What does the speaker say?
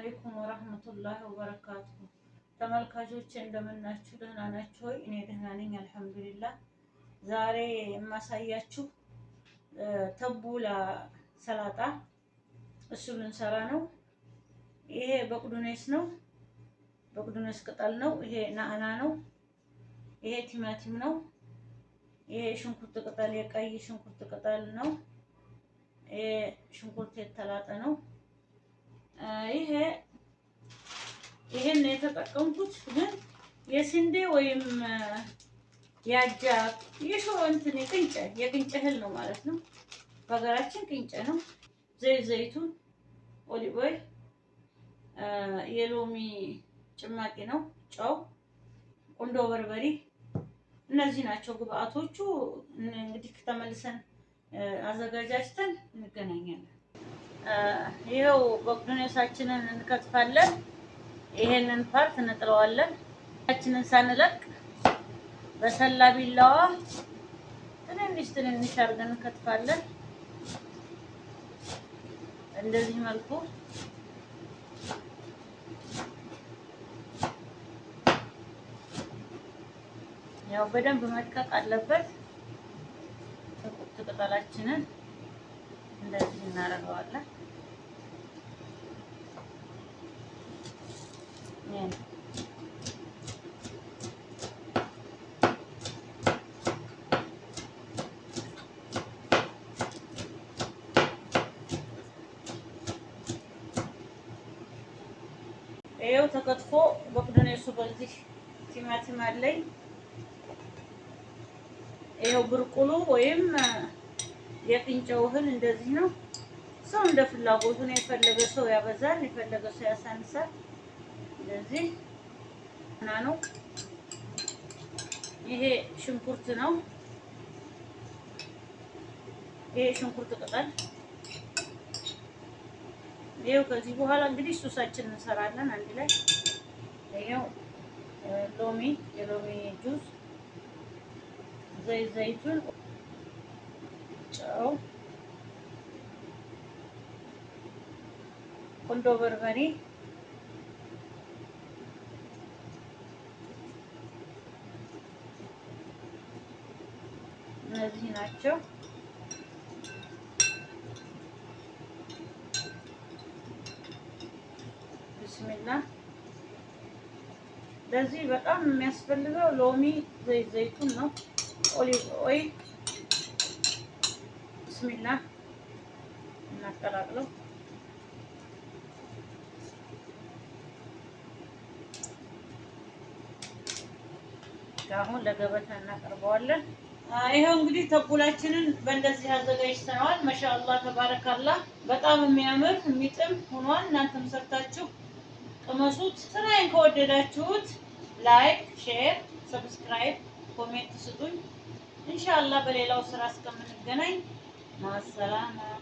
አሌይኩም ወረህመቱላሂ ወበረካቱ። ተመልካቾች እንደምናችሁ ደህና ናችሁ ወይ? እኔ ደህና ነኝ አልሐምዱሊላህ። ዛሬ የማሳያችሁ ተቡላ ሰላጣ እሱ ልንሰራ ነው። ይሄ በቅዱኔስ ነው፣ በቅዱኔስ ቅጠል ነው። ይሄ ናዕና ነው። ይሄ ቲማቲም ነው። ይሄ ሽንኩርት ቅጠል፣ የቀይ ሽንኩርት ቅጠል ነው። ይሄ ሽንኩርት የተላጠ ነው። ይሄ ይሄን የተጠቀምኩት ግን የስንዴ ወይም ያጃ የሾ እንትን ቅንጨ የቅንጨ እህል ነው ማለት ነው። በሀገራችን ቅንጨ ነው። ዘይት ዘይቱን፣ ኦሊቭ የሎሚ ጭማቂ ነው፣ ጨው፣ ቁንዶ በርበሬ፣ እነዚህ ናቸው ግብአቶቹ። እንግዲህ ተመልሰን አዘጋጃጅተን እንገናኛለን። ይኸው ቦግዶኔሳችንን እንከትፋለን። ይሄንን ፓርት እንጥለዋለን። ችንን ሳንለቅ በሰላ ቢላዋ ትንንሽ ትንንሽ አድርገን እንከትፋለን። እንደዚህ መልኩ ያው በደንብ መጥቀቅ አለበት። ትቁጥ ቅጠላችንን እንደዚህ እናደርገዋለን። ይኸው ተከትፎ በቅዱኔሱ በዚህ ቲማቲም አለኝ። ይኸው ብርቁሉ ወይም የቅንጨው እህል እንደዚህ ነው። ሰው እንደ ፍላጎቱ ነው። የፈለገ ሰው ያበዛል፣ የፈለገ ሰው ያሳንሳል። እንደዚህ ና ነው። ይሄ ሽንኩርት ነው። ይሄ ሽንኩርት ቅጠል ይሄው። ከዚህ በኋላ እንግዲህ ሱሳችን እንሰራለን አንድ ላይ። ይሄው ሎሚ፣ የሎሚ ጁስ፣ ዘይት ዘይቱን ጨው፣ ቁንዶ በርበሬ እነዚህ ናቸው። ብስሚላ ለዚህ በጣም የሚያስፈልገው ሎሚ ዘይት ዘይቱን ነው። ኦሊቭ ኦይል ብስሚላ እናቀላቅለው። አሁን ለገበታ እናቀርበዋለን። ይኸው እንግዲህ ተቡላችንን በእንደዚህ አዘጋጅተነዋል። ማሻአላህ ተባረካላ። በጣም የሚያምር የሚጥም ሆኗል። እናንተም ሰርታችሁ ቅመሱት። ስራዬን ከወደዳችሁት ላይክ፣ ሼር፣ ሰብስክራይብ፣ ኮሜንት ስጡኝ። እንሻላ በሌላው ስራ እስከምንገናኝ مع السلامة